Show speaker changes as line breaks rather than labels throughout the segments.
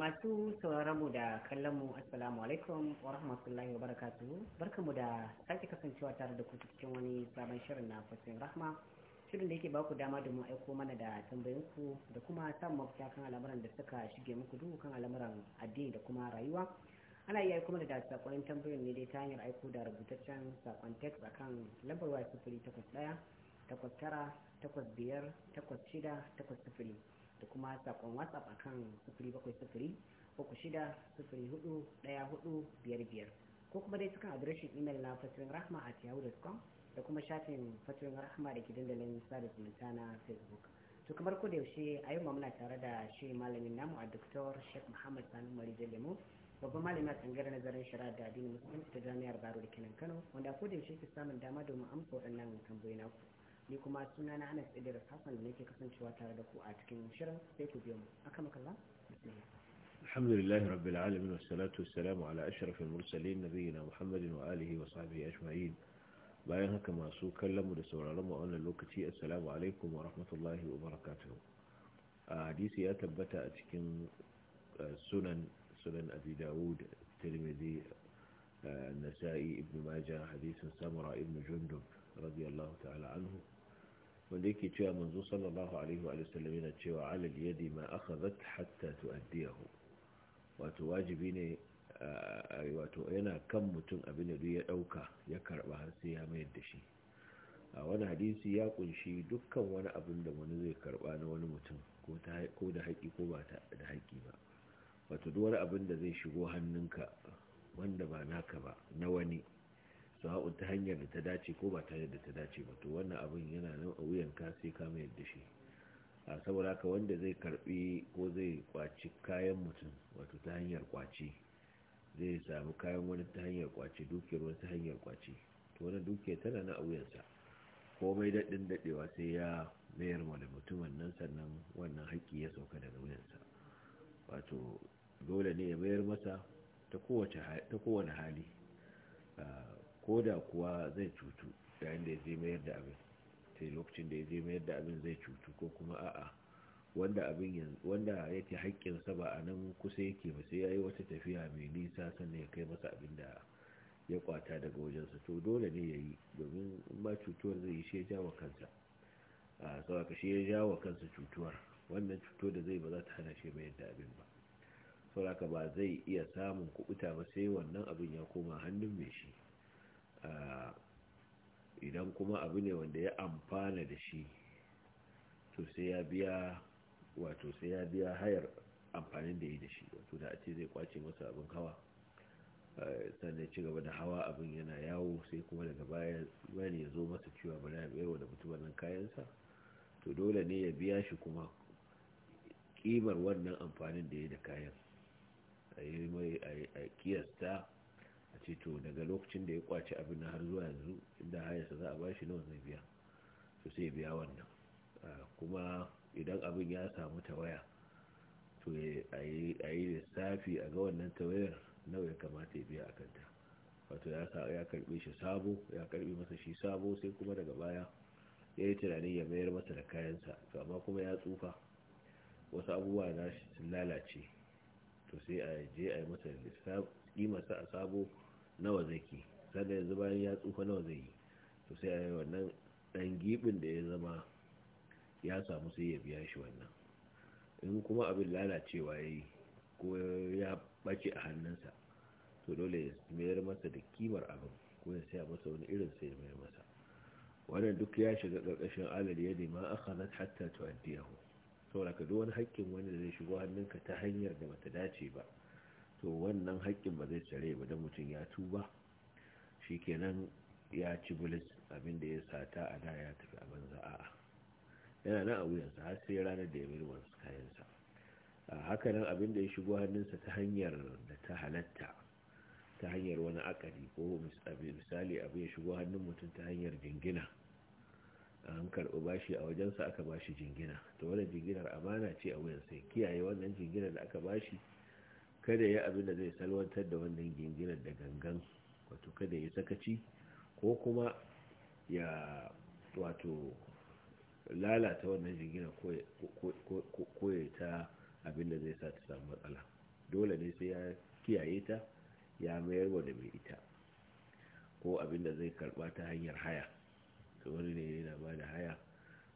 masu mu da kallon mu assalamu alaikum wa rahmatullahi wa barka barkamu da sake kasancewa tare da ku cikin wani sabon shirin na fasin rahma shirin da yake ba ku dama domin aiko mana da tambayinku da kuma samun mafita kan al'amuran da suka shige muku duhu kan al'amuran addini da kuma rayuwa ana iya aiko mana da sakonin tambayoyin ne dai ta hanyar aiko da rubutaccen sakon text akan lambar waya sifili takwas ɗaya takwas tara takwas biyar takwas shida takwas sifili. da kuma sakon whatsapp akan kan uku shida sufuri hudu daya ko kuma dai cikin adireshin imel na fatirin rahma a yahoo.com da kuma shafin fatirin rahma da ke dandalin sada zumunta na facebook to kamar ko da yaushe a yau muna tare da shi malamin namu a doktor sheikh muhammad sani marijan mu babban malami a tsangar nazarin shari'a da addinin musulunci ta jami'ar baro da kenan kano wanda ko da yaushe ke samun dama domin amsa waɗannan tambayoyi naku ni kuma suna na anas idris hassan da nake kasancewa tare da ku a cikin shirin sai ku biyo mu aka makalla
الحمد لله رب العالمين والصلاة والسلام على أشرف المرسلين نبينا محمد وآله وصحبه أجمعين bayan haka masu kallonmu da sauraronmu a wannan lokaci assalamu alaikum wa rahmatullahi wa barakatuhu a hadisi ya tabbata a cikin sunan sunan abi dawud tirmidhi nasa'i ibn majah hadisin samura ibn jundub radiyallahu ta'ala anhu wanda yake cewa manzo sallallahu alaihi wa sallam yana cewa alal yadi ma akhadhat hatta tu'addiyahu wato wajibi ne wato yana kan mutum abin da duk ya dauka ya karba har sai ya mayar da shi a wani hadisi ya kunshi dukkan wani abin da wani zai karba na wani mutum ko da haƙi ko ba da haƙi ba wato duk wani abin da zai shigo hannunka wanda ba naka ba na wani sawa'un ta hanyar da ta dace ko ba ta hanyar ta dace ba to wannan abin yana nan a wuyanka sai ka mayar da shi a saboda haka wanda zai karbi ko zai kwaci kayan mutum wato ta hanyar kwaci zai samu kayan wani ta hanyar kwaci dukiyar wani ta hanyar kwaci to wani dukiyar tana na a wuyansa komai daɗin daɗewa sai ya mayar wani mutumin nan sannan wannan haƙƙi ya sauka daga wuyansa wato dole ne ya mayar masa ta kowane hali ko da kuwa zai cutu yayin da ya je mayar da abin sai lokacin da ya je mayar da abin zai cutu ko kuma a'a wanda abin wanda yake haƙƙinsa ba a nan kusa yake ba sai ya yi wata tafiya mai nisa sannan ya kai masa abin da ya kwata daga wajensa to dole ne ya yi domin ba cutuwar zai yi shi ya jawo kansa a ka shi ya jawo kansa cutuwar wannan cuto da zai ba za ta hana shi mayar da abin ba sauraka ba zai iya samun kubuta ba sai wannan abin ya koma hannun mai shi Eh, idan kuma abu ne wanda ya amfana da shi to sai ya biya wato sai ya biya hayar amfanin da ya da shi wato da a ce zai kwace masa abin hawa eh, sannan ci gaba da hawa abin yana yawo sai kuma daga baya ya zo masa cewa bana ya bayarwa da mutu wannan kayansa to dole ne ya biya shi kuma kimar wannan amfanin da ya da kayan a yi mai a kiyasta a ce to daga lokacin da ya kwaci abin har zuwa yanzu inda hayarsa za a bashi nawa zai biya to sai ya biya wannan kuma idan abin ya samu tawaya to a yi lissafi a ga wannan tawayar nawa ya kamata ya biya a kanta wato ya karbe shi sabo ya karbe masa shi sabo sai kuma daga baya ya yi tunanin ya mayar masa da kayansa to amma kuma ya tsufa wasu abubuwa na sun lalace to sai a je a yi masa kimarsa a sabo nawa zaki sannan yanzu bayan ya tsufa nawa zai yi to sai a yi wannan ɗan gibin da ya zama ya samu sai ya biya shi wannan in kuma abin lalacewa ya yi ko ya ɓace a hannunsa to dole ya mayar masa da kimar abin ko ya saya masa wani irin sai ya mayar masa wannan duk ya shiga ƙarƙashin alal ya ma aka na hatta tuwaddiyahu saboda ka duk wani haƙƙin wani da zai shigo hannunka ta hanyar da bata dace ba to wannan haƙƙin ba zai tsare ba da mutum ya tuba shi kenan ya ci bulis abinda ya sata a da ya tafi a banza a'a yana nan a wuyansa har sai ranar da ya mai wasu kayansa haka nan abinda ya shigo hannunsa ta hanyar da ta halatta ta hanyar wani akari ko misali abu ya shigo hannun mutum ta hanyar jingina an karɓi bashi a wajensa aka bashi jingina to wannan jinginar amana ce a wuyansa kiyaye wannan jinginar da aka bashi kada ya abin da zai salwantar da wannan gingirar da gangan wato kada ya sakaci ko kuma ya wato lalata wannan gingirar ko ya ta abin da zai sa ta samu matsala dole ne sai ya kiyaye ta ya mayar wa mai ita ko abin da zai karba ta hanyar haya to wani ne yana ba da haya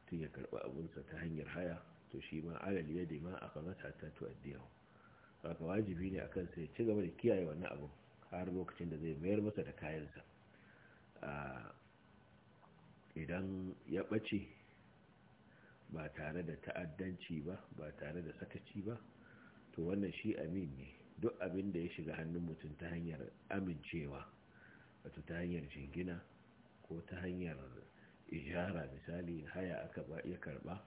tun ya karba abinsa ta hanyar haya to shi ma alal yadda ma a mata ta diyawa. wato wajibi ne akan sai ci gaba da kiyaye wannan abu har lokacin da zai mayar masa da kayansa idan ya ɓace ba tare da ta'addanci ba ba tare da sakaci ba to wannan shi amin ne duk abin da ya shiga hannun mutum ta hanyar amincewa wato ta hanyar jingina ko ta hanyar ijara misali haya aka ba ya karba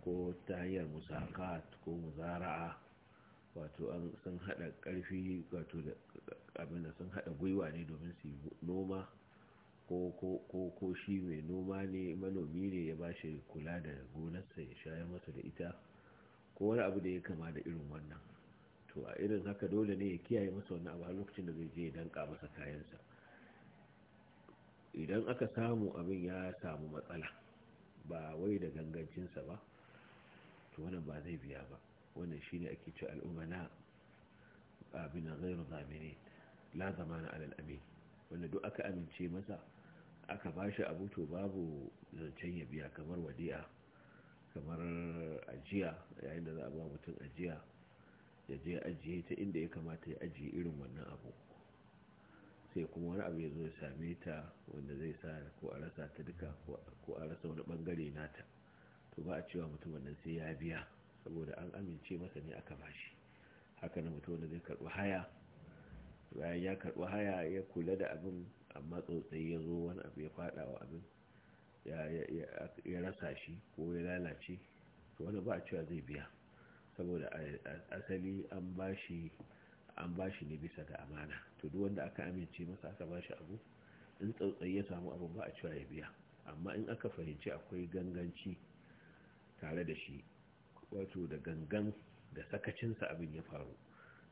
ko ta hanyar musaka ko muzara'a wato an sun hada karfi wato da abin sun hada gwiwa ne domin su noma ko shi mai noma ne manomi ne ya bashi kula da gonarsa ya shayar masa da ita ko wani abu da ya kama da irin wannan to a irin haka dole ne ya kiyaye masa wani abu har lokacin da zai je ya danka masa kayansa idan aka samu abin ya samu matsala ba wai da gangancinsa ba to wannan ba zai biya ba wannan shi ne ake ce al'umana abin ghairu zamini la zamana na alal'ami wanda duk aka amince masa aka bashi abu to babu zancen ya biya kamar wadi'a kamar ajiya yayin da za a ba mutum ajiya ya je ajiye ta inda ya kamata ya ajiye irin wannan abu sai kuma wani abu ya zo ya same ta wanda zai sa ko a rasa ta duka ko a rasa wani bangare nata to ba a cewa mutum wannan sai ya biya saboda an amince masa ne aka bashi haka na mutum da zai karɓi haya bayan ya karɓi haya ya kula da abin amma tsotsai ya zo wani abu ya faɗa wa abin ya rasa shi ko ya lalace to wani ba a cewa zai biya saboda asali an bashi an bashi ne bisa ga amana to duk wanda aka amince masa aka bashi abu in tsotsai ya samu abu ba a cewa ya biya amma in aka fahimci akwai ganganci tare da shi wato da gangan da sakacinsa abin ya faru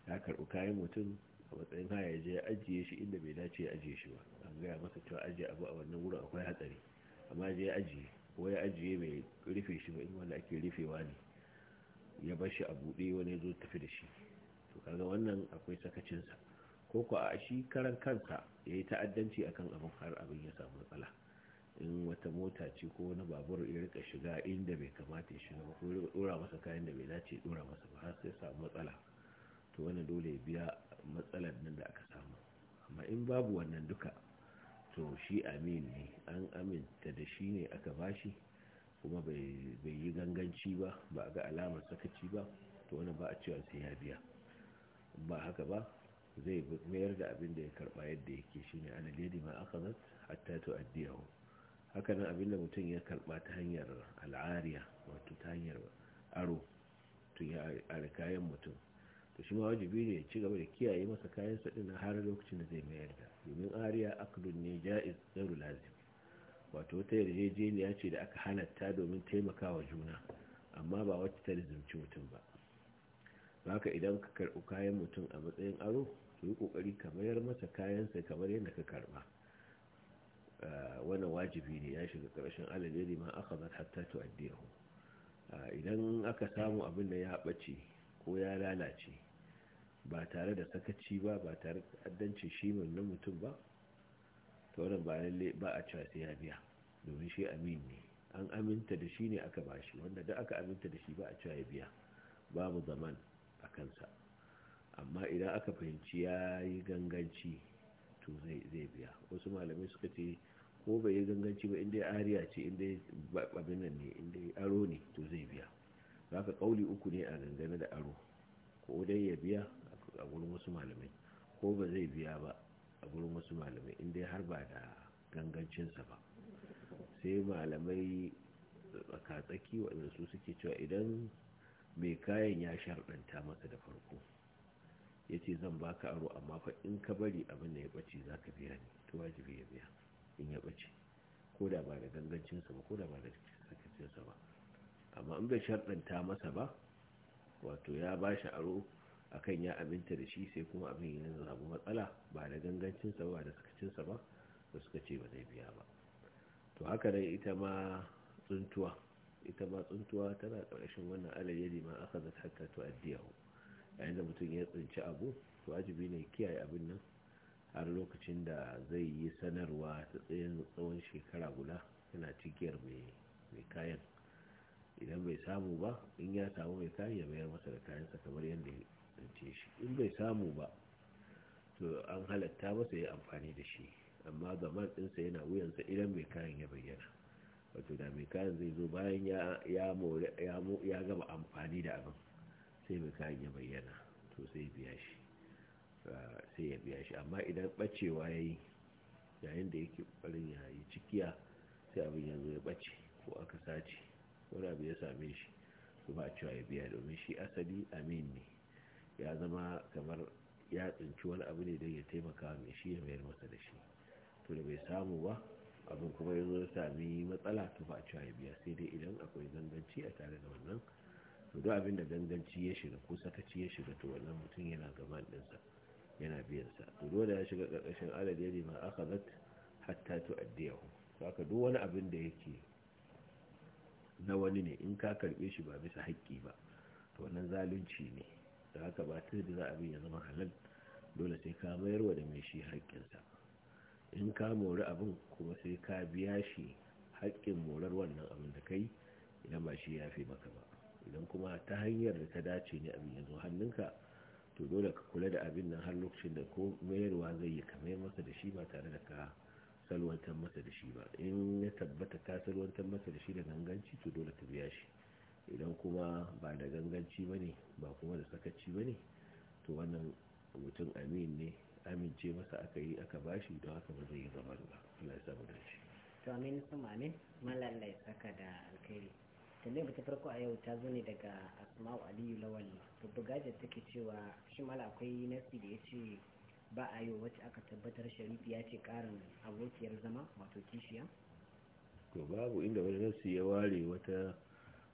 ya karɓi kayan mutum a matsayin haya je ya ajiye shi inda bai dace ya ajiye shi ba an gaya masa cewa ajiye abu a wannan wurin akwai hatsari amma je ya ajiye ko ya ajiye mai rufe shi ba in wanda ake rufewa ne ya bar shi a buɗe wani zo tafi da shi to kaga wannan akwai sakacinsa ko ko a shi karan kansa ya yi ta'addanci akan abin har abin ya samu matsala in wata mota ce ko wani babur ya rika shiga inda bai kamata ya shiga ko ko dora masa kayan da bai dace dora masa ba har sai samu matsala to wannan dole ya biya matsalar nan da aka samu amma in babu wannan duka to shi amin ne an aminta da shi ne aka bashi kuma bai yi ganganci ba ba ga alamar sakaci ba to wannan ba a cewa sai ya biya ba haka ba zai mayar da abin da ya karba yadda yake shine ana ma akhadhat hatta tu'addiyahu hakanan abinda mutum ya karba ta hanyar al'ariya wato ta hanyar aro to ya are kayan mutum to shi ma wajibi ne ya ci gaba da kiyaye masa kayan sadin na har lokacin da zai mayar da domin ariya akdun ne jaiz zaru lazim wato wata yarjejeniya ce da aka halatta domin taimakawa juna amma ba wacce ta rizumci mutum ba ka idan ka karɓi kayan mutum a matsayin aro ka yi ƙoƙari ka mayar masa kayansa kamar yadda ka karɓa wannan wajibi ne ya shiga ƙarshen alalari ma aka zar hatta tu'addiyahu idan aka samu abin da ya ɓace ko ya lalace ba tare da sakaci ba ba tare da addanci shi na mutum ba ta wannan ba lalle ba a cewa sai ya biya domin shi amin ne an aminta da shi ne aka ba shi wanda da aka aminta da shi ba a cewa ya biya babu zaman a kansa amma idan aka fahimci ya yi ganganci to zai biya wasu malamai suka ce ko bai yi ganganci ba inda ariya ce inda abin ne inda aro ne to zai biya ka kauli uku ne a gangana da aro ko dai ya biya a gurin wasu malamai ko ba zai biya ba a gurin wasu malamai inda har ba da gangancinsa ba sai malamai tsaki waɗanda su suke cewa idan mai kayan ya sharɗanta masa da farko ya ce zan baka aro amma fa in ka bari abin da ya ɓace za ka biya ne to wajibi ya biya in ya bace ko da ba da gangancinsa ba ko da ba da sakacinsa ba amma in bai sharɗanta masa ba wato ya ba shi aro akan ya aminta da shi sai kuma abin ya zama matsala ba da gangancinsa ba da sakacinsa ba da suka ce ba zai biya ba to haka dai ita ma tsuntuwa ita ma tsuntuwa tana ƙarshen wannan alayyari ma aka zata hatta to addiyahu yayin da mutum ya tsinci abu to wajibi ne kiyaye abin nan har lokacin da zai yi sanarwa ta tsayin tsawon shekara guda yana cikiyar mai kayan idan bai samu ba in ya samu mai kayan ya mayar masa da kayansa kamar yadda ya ce shi in bai samu ba to an halatta masa ya amfani da shi amma ga ɗinsa yana wuyansa idan mai kayan ya bayyana wato da mai kayan zai zo bayan ya gama amfani da abin sai mai kayan ya bayyana to sai biya shi sai ya biya shi amma idan bacewa ya yi yayin da yake barin ya yi cikiya sai abin yanzu ya bace ko aka sace wani abu ya same shi su ba cewa ya biya domin shi asali amin ne ya zama kamar ya tsinci wani abu ne don ya taimaka mai shi ya mayar masa da shi to da bai samu ba abin kuma ya zo ya sami matsala to ba cewa ya biya sai dai idan akwai ganganci a tare da wannan to duk abin da ganganci ya shiga ko sakaci ya shiga to wannan mutum yana gaban ɗinsa yana biyan to dole ya shiga karkashin alal ne ma akhadhat hatta tu'addiyahu saka duk wani abin da yake na wani ne in ka karbe shi ba bisa haƙƙi ba to wannan zalunci ne da haka ba ta da za abin ya zama halal dole sai ka mayar wa da mai shi sa in ka mori abin kuma sai ka biya shi haƙƙin morar wannan abin da kai idan ba shi ya fi maka ba idan kuma ta hanyar da ta dace ne abin ya zo hannunka to dole ka kula da abin nan har lokacin da ko mayarwa zai yi kamar masa da shi ba tare da ka salwantar masa da shi ba in ya tabbata ka salwantar masa da shi da ganganci to dole ka biya shi idan kuma ba da ganganci ba ne ba kuma da sakaci ba ne to wannan mutum amin ne amince masa aka yi aka bashi don haka ba zai yi zaman ba Allah ya dace
to amin su malalai saka da alkhairi tambayar ta farko a yau ta zo ne daga asma'u aliyu lawal babu ta take cewa shi mala akwai nasi da ya ce ba a yau wacce aka tabbatar sharifi ya ce karin abokiyar zama wato kishiya
to babu inda wani nasi ya ware wata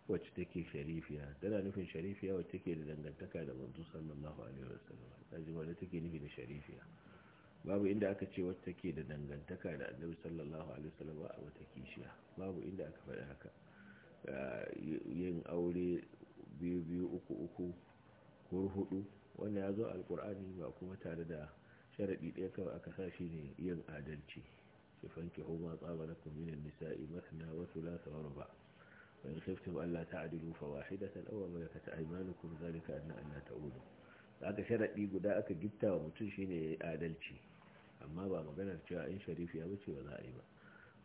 wacce take sharifiya tana nufin sharifiya wacce take da dangantaka da manzo sallallahu alaihi wasallam kaji wani take nufi da sharifiya babu inda aka ce wacce take da dangantaka da annabi sallallahu alaihi wasallam a wata kishiya babu inda aka faɗi haka yin aure biyu biyu uku uku ko hudu wanda ya zo alkur'ani ba kuma tare da sharaɗi ɗaya kawai aka sa shi ne yin adalci ki fanke homa tsaba na kuminin nisa'i masana wasu lasa wa ruba wa in ta ɗauwa mai ta aw ma zalika na Allah ta ulu da aka sharaɗi guda aka gifta wa mutum shine yayi adalci amma ba maganar cewa in sharifi ya wuce ba za a yi ba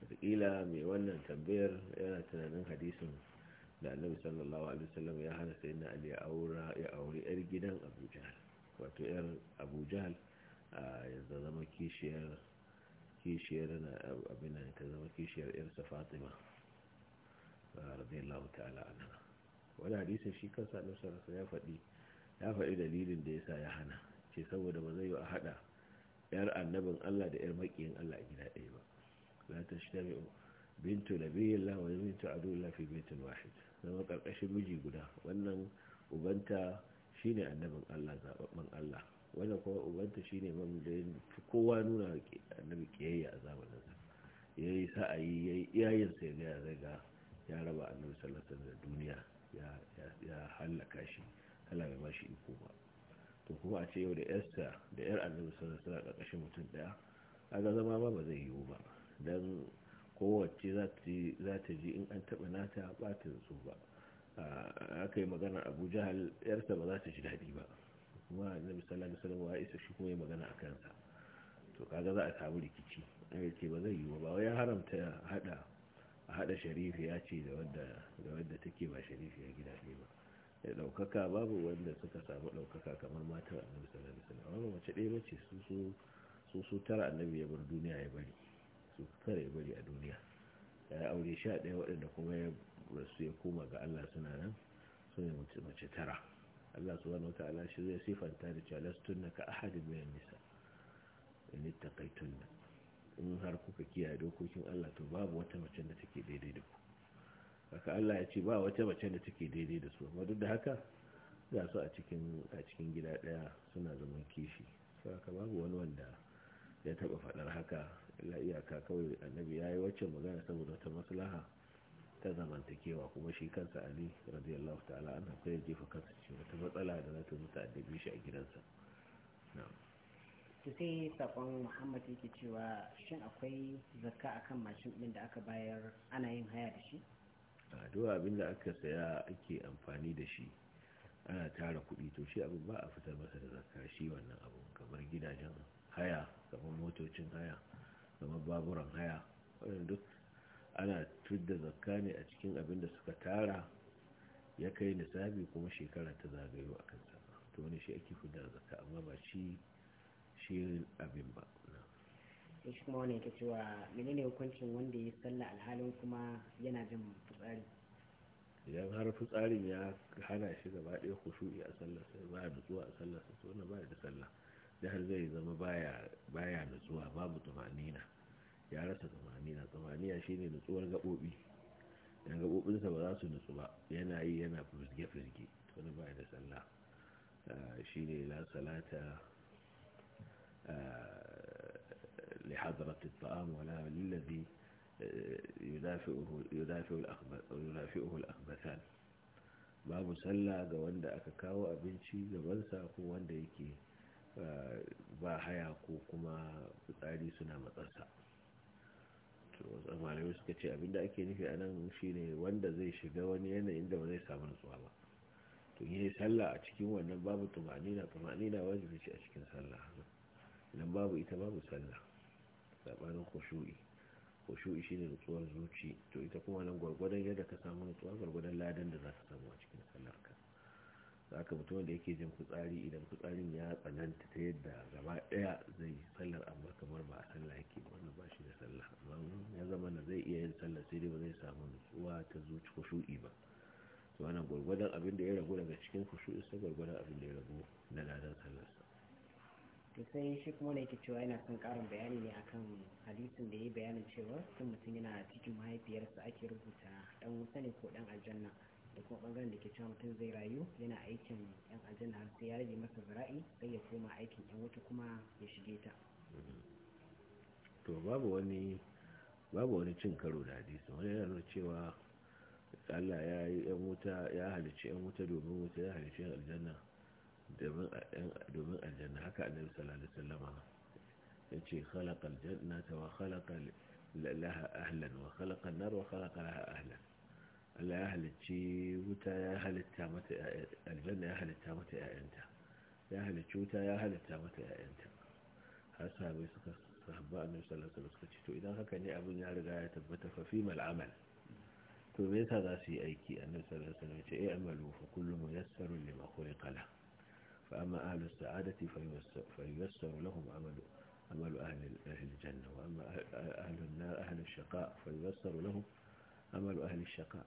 watakila mai wannan tambayar yana tunanin hadisin da annabi sallallahu alaihi wasallam ya hana sai na ali aura ya aure yar gidan abu jahal wato yar abu jahal ya zama kishiyar kishiyar na abinan ta zama kishiyar yarsa fatima radiyallahu ta'ala anha wani hadisin shi kansa annabi sallallahu ya wasallam ya faɗi dalilin da yasa ya hana ce saboda ba zai yi a hada yar annabin Allah da yar makiyin Allah a gida ɗaya ba la tashtami'u bintu nabiyillah wa bintu aduwillah fi baitin wahid zama karkashin miji guda wannan ubanta shine annabin Allah zababban Allah wannan kuma ubanta shine man kowa nuna annabi kiyayya a zamanin sa sa'ayi yayi iyayen sa ya zai ga ya raba annabi sallallahu alaihi da duniya ya ya halaka shi Allah bai bashi iko ba to kuma a ce yau da yarsa da yar annabi sallallahu alaihi karkashin mutum daya kaga zama ba ba zai yiwu ba don kowace za ta ji in an taɓa nata ba ta so ba aka yi magana abu jahal yarsa ba za ta ji daɗi ba kuma annabi sallallahu alaihi wasallam ya isa shi kuma yi magana a kansa to kaga za a samu rikici an ce ba zai yi ba wai ya haramta a hada sharifi ya ce da wadda ta ke take ba sharifi ya gida ne ba da daukaka babu wanda suka samu ɗaukaka kamar matar annabi sallallahu alaihi wasallam amma mace ɗaya bace su su su tara annabi ya bar duniya ya bari su kare bari a duniya ya aure sha ɗaya waɗanda kuma ya rasu ya koma ga Allah suna nan su ne mace tara Allah su wani wata ala shi zai sifanta da cewa na ka ahadin minan nisa in kai tunna in har kuka kiyaye dokokin Allah to babu wata mace da take daidai da ku haka Allah ya ce ba wata mace da take daidai da su amma duk da haka za su a cikin cikin gida daya suna zaman kishi saka babu wani wanda ya taɓa faɗar haka la iyaka kawai annabi yayi yi wacce magana saboda ta maslaha ta zamantakewa kuma shi kansa ali radiyallahu ta'ala an haka jefa kansa cikin wata matsala da za ta zo addabi shi a gidansa
to sai sakon muhammad yake cewa shin akwai zakka akan mashin din da aka bayar ana yin haya da shi
a duk abin da aka saya ake amfani da shi ana tara kuɗi to shi abin ba a fitar masa da zakka shi wannan abu kamar gidajen haya kamar motocin haya kamar baburan haya wadanda duk ana tudda zakka ne a cikin abin da suka tara ya kai nisabi kuma shekara ta zagayo a kansa to wani shi ake fidda zakka amma ba shi shirin abin ba
ya shi kuma wani yake cewa menene hukuncin wanda ya salla alhalin kuma yana jin fitsari
idan har fitsarin ya hana shi gaba ɗaya kushu'i a sai ba da zuwa a sallarsa to wannan ba da sallah da har zai zama baya nutsuwa babu tumanina ya rasa tumanina tumaniya shine nutsuwar gaɓoɓi da gaɓoɓinsa ba za su nutsu ba yana yi yana firge-firge wani baya da sallah ah, shine ne salata ah, li hadrati ta'am wala lullabi eh, yudafi'uhu yudafi'uhu babu sallah ga wanda aka kawo abinci gabansa ko wanda yake ba haya ko kuma fitsari suna matsarsa malamai suka ce abinda ake nufi a nan ne wanda zai shiga wani yanayin da ba zai samu nutsuwa ba to yi sallah a cikin wannan babu tumanina tumanina wajibi ci a cikin sallah idan babu ita babu sallah sabanin khushu'i shi shine nutsuwar zuci to ita kuma nan gwargwadon yadda ka samu nutsuwa gwargwadon ladan da za ka samu a cikin sallah ka haka mutumin da yake jin fitsari idan fitsarin ya tsananta ta yadda gaba daya zai sallar amma kamar ba a sallah yake wannan ba shi da sallah amma ya zama na zai iya yin sallar sai dai ba zai samu nutsuwa ta zuci kushu'i ba to wannan gwargwadon abin da ya ragu daga cikin kushu'i sai gwargwadon abin da ya ragu
na ladan sallarsa to sai shi kuma ne yake cewa yana son karin bayani ne akan hadisin da ya yi bayanin cewa sun mutum yana cikin mahaifiyarsa ake rubuta dan wuta ne ko dan aljanna da kuma bangaren da ke cewa mutum zai rayu yana aikin yan aljanna har sai ya rage masa zira'i sai ya koma aikin yan wuta kuma ya shige ta
mm-hmm. to babu wani babu wani cin karo da hadisi wani yana nuna cewa Allah ya yi yan wuta ya halicci yan wuta domin wuta ya halicci yan aljanna domin aljanna haka annabi sallallahu alaihi wasallama ce khalaqa aljannata wa khalaqa laha ahlan wa khalaqa an-nar wa khalaqa laha ahlan الأهل تجي وتا يا أهل التامة الجنة يا أهل التامة يا أنت يا أهل تشوتا يا أهل التامة يا أنت هذا هو يسقى صحبا أن يسأل الله سبحانه إذا كان يأبون يعني يا رجاء تبت ففيما العمل تبين هذا سي أي أن يسأل الله إيه، أعملوا فكل ميسر لما خلق له فأما أهل السعادة فييسر لهم عمل أهل الجنة وأما أهل أهل الشقاء فييسر لهم أمل أهل الشقاء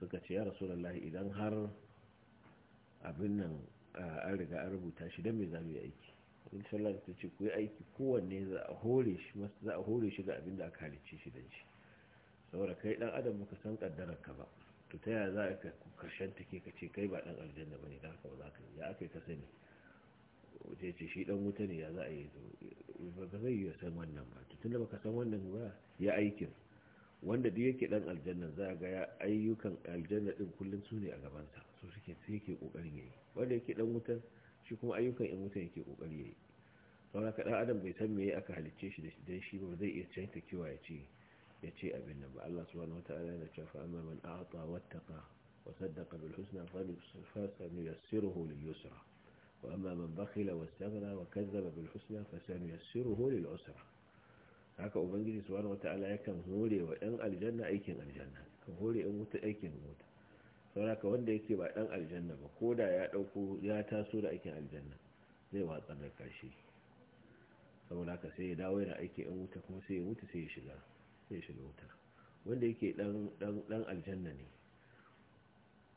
suka ce ya idan har abin nan an riga an rubuta shi don mai za yi aiki inshallah ta ce ku yi aiki kowanne za a hore shi ga abin da aka halicci shi don shi saboda kai dan adam muka san kaddarar ka ba to ta yaya za ka karshen take ka ce kai ba dan aljanna ne da haka ba za ka ya aka yi ka sani waje ce shi dan wuta ne ya za a yi ba zai yi san wannan ba da ba baka san wannan ba ya aikin wanda da yake dan aljanna za ga ya ayyukan aljanna din kullum su ne a so shi ke sai yake kokarin yayi wanda yake dan wuta shi kuma ayyukan in wuta yake kokari yayi saboda ka dan adam bai san meye aka halicce shi dan shi ba zai iya canta kiwa ya ce ya ce abin nan ba Allah subhanahu wataala yana cewa fa amma man a'ta wattaqa wa saddaqa bil husna fa sanuyassiruhu lil yusra wa amma man bakhila wastaghna wa kazzaba bil husna fa sanuyassiruhu lil usra haka ubangiji subhanahu wata'ala yakan hore wa ɗan aljanna aikin aljanna kan hore ɗan wuta aikin wuta sauraka wanda yake ba ɗan aljanna ba ko da ya ɗauko ya taso da aikin aljanna zai watsa da kashi saboda haka sai ya dawo yana aiki ɗan wuta kuma sai ya wuta sai ya shiga sai ya shiga wuta wanda yake ɗan aljanna ne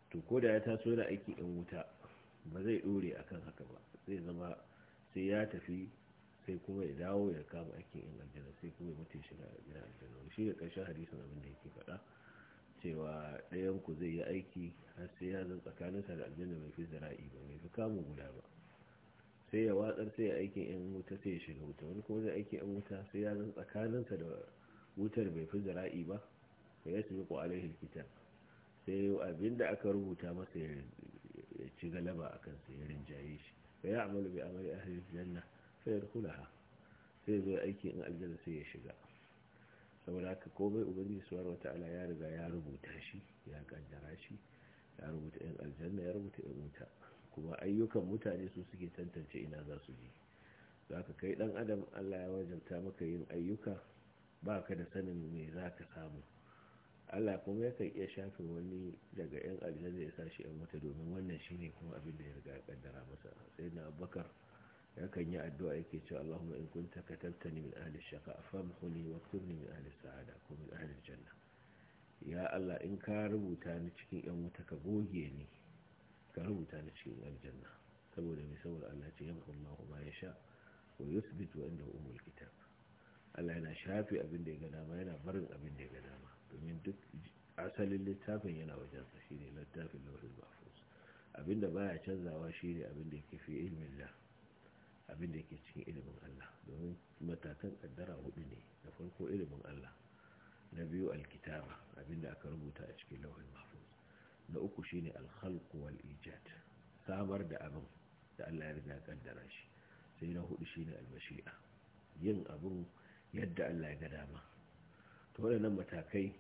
to ko da ya taso yana aiki ɗan wuta ba zai ɗore akan haka ba zai zama sai ya tafi sai kuma ya dawo ya kama aikin yan aljanna sai kuma ya mutu ya shiga gidan aljanna shi da ƙarshen hadisin abin da yake faɗa cewa ɗayan ku zai yi aiki har sai ya zan tsakaninsa da aljanna mai fi zara'i ba mai fi kamun guda ba sai ya watsar sai ya aikin yan wuta sai ya shiga wuta wani kuma zai aikin yan wuta sai ya zan tsakaninsa da wutar mai fi zara'i ba sai ya shiga kwalai hilkita sai abin da aka rubuta masa ya ci galaba akan sai ya rinjaye shi ya amalu amalu amali ahli janna sayar ya zai sai zo aiki in aljanna sai ya shiga saboda haka komai ubangi suwar wata'ala ya riga ya rubuta shi ya kaddara shi ya rubuta yan aljanna ya rubuta yan wuta kuma ayyukan mutane su suke tantance ina za su je za ka kai dan adam allah ya wajabta maka yin ayyuka ba ka da sanin me za ka samu allah kuma yakan iya shafe wani daga yan aljanna ya sa shi yan wuta domin wannan shine kuma abin da ya riga ya kaddara masa sai na abubakar yakan yi addu'a yake cewa Allahumma in takatarta katabtani min ahli shaqa'a famhuni wa kunni min ahli sa'ada ko min ahli janna ya Allah in ka rubuta ni cikin yan wuta ka goge ni ka rubuta ni cikin yan janna saboda mai saboda Allah ce yamhu kuma ma sha wa yuthbit wa indahu umul kitab Allah yana shafi abin da ya gada ma yana barin abin da ya gada ma domin duk asalin littafin yana wajen sa shine littafin lawhul mahfuz abinda baya canzawa shine abin da yake fi ilmin Allah abin da yake cikin ilimin Allah domin matakan kaddara hudu ne da farko ilimin Allah na biyu alkitaba abin da aka rubuta a cikin lauhin mahfuz na uku shine alkhalq wal ijad samar da abin da Allah ya riga kaddara shi sai na hudu shine almashi'a yin abin yadda Allah ya ga dama to waɗannan matakai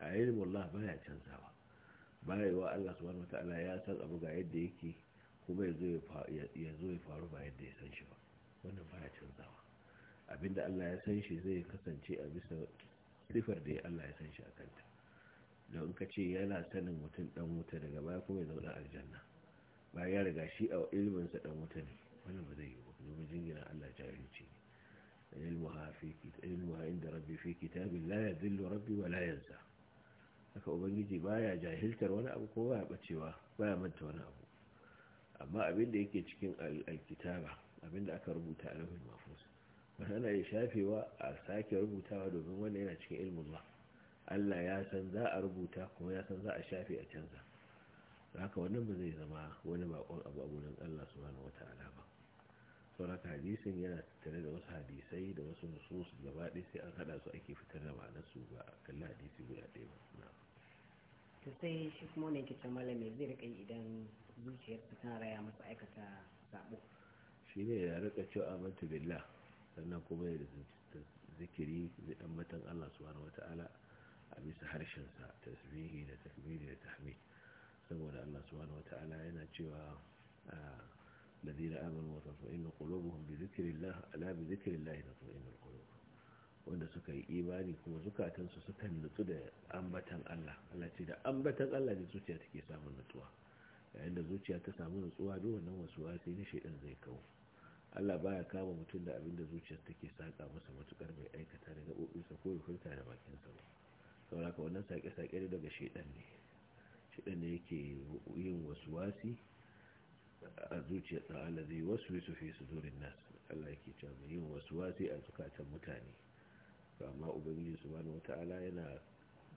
a ilimin Allah baya canzawa bayan wa Allah subhanahu wataala ya san abu ga yadda yake kuma ya zo ya faru ba yadda ya san shi ba wannan baya canzawa abinda Allah ya san shi zai kasance a bisa sifar da Allah ya san shi a kanta don ka ce yana sanin mutum dan wuta daga baya kuma ya zauna aljanna ba ya riga shi a ilminsa dan wuta ne wannan ba zai yi ba domin jingina Allah jahilci ne ilmuha fi ilmuha inda rabbi fi kitabin la yadhillu rabbi wa la yansa haka ubangiji baya jahiltar wani abu ko baya bacewa baya manta wani abu amma abinda yake cikin alkitaba da aka rubuta a lafin mafus wani ana iya shafewa a sake rubutawa domin wanda yana cikin ilmin ba allah ya san za a rubuta kuma ya san za a shafe a canza haka wannan ba zai zama wani bakon abu a gurin allah subhanahu wata alama sauraka hadisin yana tattare da wasu hadisai da wasu nusus gaba ɗaya sai an haɗa su ake fitar da ma'anarsu ba a
kalli hadisi guda ɗaya ba to sai shi kuma wannan kicin malami zai rika yi idan zuciyarsa tana raya masa aikata sabo
shi ne ya rika cewa amantu billah sannan kuma ya zikiri zai ambatan Allah su subhanahu wata'ala a bisa harshensa tasbihi da takbiri da tahmid saboda Allah su subhanahu wata'ala yana cewa الذين آمنوا وتطمئن قلوبهم بذكر الله لا بذكر الله تطمئن القلوب wanda suka yi imani kuma zukatansu suka nutsu da ambatan Allah Allah ce da ambatan Allah ne zuciya take samun nutsuwa yayin da zuciya ta samu nutsuwa duk wannan wasu wasi ne shedan zai kawo Allah baya kama mutum da abin da zuciya take saka masa matukar mai aikata da gabobinsa ko ya furta da bakinsa ba saboda ka wannan sake-sake daga shedan ne shedan ne yake yin wasu wasi a zuciyar ɗan Allah zai wasu su fi su zurin nasu Allah yake cewa yin wasu wasi a zukatan mutane amma ubangiji subhanahu wata'ala yana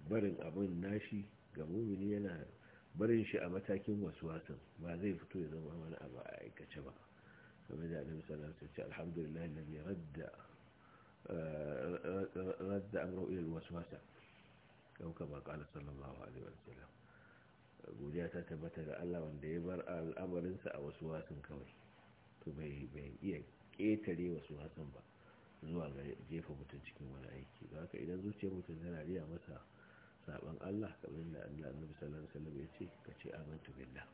barin abun nashi ga mumini yana barin shi a matakin wasu wasan ba zai fito ya zama wani abu a aikace ba kamar da annabi sallallahu alaihi wasallam alhamdulillah radda eh, radda amru ila alwaswasa kau ba qala sallallahu alaihi wasallam godiya ta tabbata ga Allah wanda ya bar al'amarin sa a wasan kawai to bai bai iya wasu wasan ba zuwa ga jefa mutum cikin wani aiki ba ka idan zuciyar mutum tana riya masa saban Allah kamar da Allah annabi sallallahu alaihi wasallam ya ce ka ce amantu billah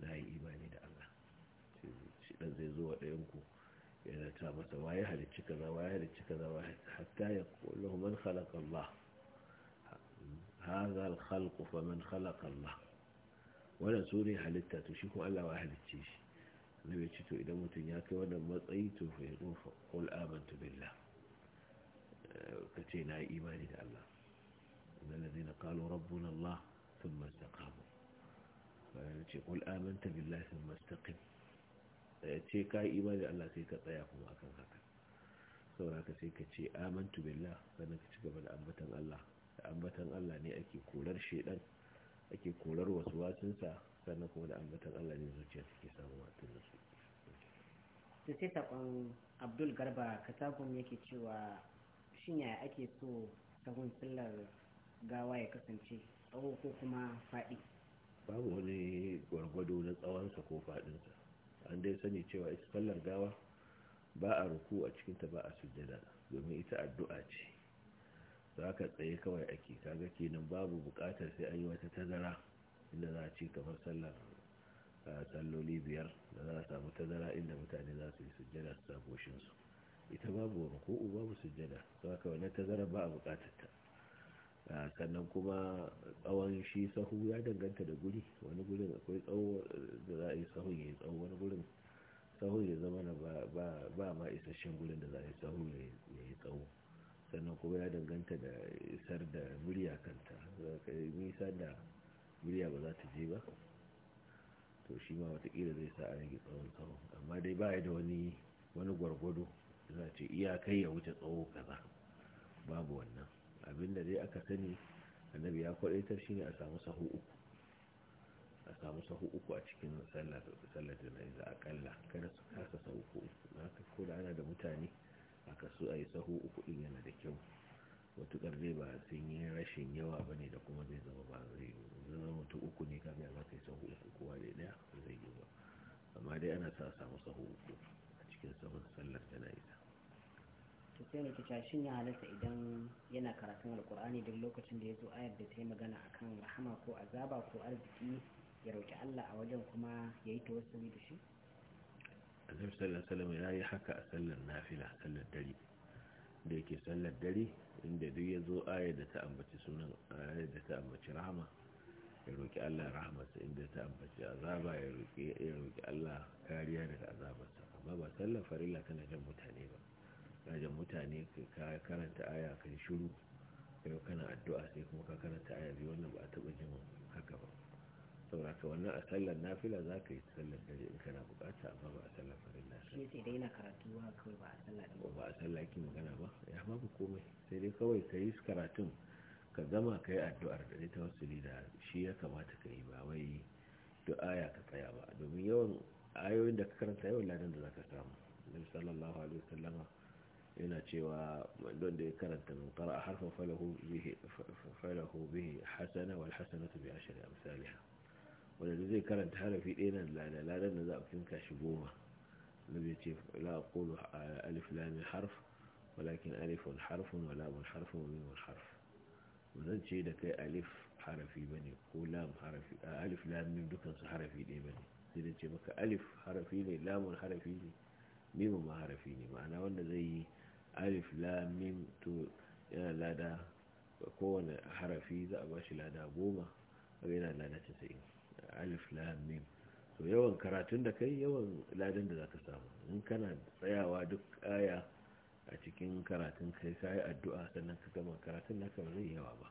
na yi imani da Allah shi dan zai zo wa ɗayan ku yana ta masa waye halicci kaza waye halicci kaza waye hatta ya kullu man khalaqa Allah hadha al-khalq fa man khalaqa Allah wala halitta to shi ko Allah wa halicce shi nabi ce to idan mutum ya kai wannan matsayi to fa ya kofa kul amantu billah kace na yi imani da Allah innal ladina qalu rabbuna Allah thumma istaqamu ya ce kul amantu billah thumma istaqim ya ce ka yi imani da Allah sai ka tsaya kuma akan haka saboda ka sai ka ce amantu billah sannan ka ci gaba da ambatan Allah da ambatan Allah ne ake korar shedan ake korar wasu wasunsa sannan kuma da ambatan Allah ne
zuciya suke samu wato da su sai sakon abdul garba katakun yake cewa shin yaya ake so sahun sallar gawa ya kasance tsawo ko kuma faɗi babu
wani gwargwado na tsawonsa ko faɗinsa an dai sani cewa ita sallar gawa ba a ruku a cikinta ba a sujjada domin ita addu'a ce za ka tsaye kawai ake kaga kenan babu bukatar sai an yi wata tazara inda za a ci kamar sallar eh, salloli biyar da za a samu tazara inda mutane za su yi sujjada su samu su ita babu wani ko babu sujjada saka wani tazara ba a bukatarta eh, sannan kuma tsawon shi sahu ya danganta da guri wani gurin akwai tsawo eh, da za a yi sahun ya yi tsawo wani gurin sahun ya zama na ba ma isasshen gurin da za a yi sahun ya yi tsawo sannan kuma ya danganta da isar da murya kanta nisa da murya ba za ta je ba to shi ma watakila zai sa a rage tsawon tsawon amma dai ba da wani wani gwargwado za ce iyakai ya wuce tsawo kaza babu wannan abin da dai aka sani annabi ya kwadaitar shi ne a samu sahu uku a samu sahu uku a cikin sallar jana'iza akalla kada su kasa sahu uku na ko da ana da mutane a kasu a yi sahu uku din yana da kyau matuƙar zai ba sun yi rashin yawa ba ne da kuma zai zama ba zai zama mutu uku ne kaga za ka yi sahu uku kowa da ɗaya zai yi ba amma dai ana sa samu sahu uku a cikin sahun sallar tana isa
to sai mai kita shin ya halatta idan yana karatun alkur'ani duk lokacin da ya zo ayar da ta yi magana akan rahama ko azaba ko arziki ya roƙi allah a wajen kuma ya yi tawassuli da shi
annabi sallallahu alaihi ya yi haka a sallar nafila sallar dare da yake sallar dare inda duk ya zo ayar da ta ambaci sunan ayar da ta ambaci rahama ya roƙi Allah rahamarsa inda ta ambaci azaba ya roƙi Allah kariya daga azabarsa amma ba sallar farilla tana jan mutane ba kana jan mutane ka karanta aya kan shiru kai kana addu'a sai kuma ka karanta aya bi wannan ba a taɓa jin haka ba saboda wannan a sallar nafila za ka yi sallar dare in kana bukata amma ba a sallar farin na shi sai dai na karatu ba
kawai ba a sallar
da ba a sallar ki magana ba ya babu komai sai dai kawai ka yi karatun ka zama ka yi addu'ar da ta wasu da shi ya kamata ka yi ba wai du'a ya ka tsaya ba domin yawan ayoyin da ka karanta yawan ladan da za ka samu nabi sallallahu alaihi yana cewa don da ya karanta min a harfa falahu bihi falahu bihi hasana wal hasanatu bi ashri amsalha wanda zai karanta harafi ɗaya na lada ladan da za a finka shi goma nabi zai ce la aqulu alif lam harf walakin alif wani harfin walamun harfin wani wani harf zan ce da kai alif harafi ne ko lam harafi alif lam dukansu su harafi ɗaya bane sai zai ce maka alif harafi ne lamun harafi ne mimun ma harafi ne ma'ana wanda zai yi alif lamin to yana lada kowane harafi za a ba shi lada goma yana lada casa'in alif lamim to yawan karatun da kai yawan ladan da zaka samu in kana tsayawa duk aya a cikin karatun kai sai addu'a sannan ka gama karatun naka ba zai yawa ba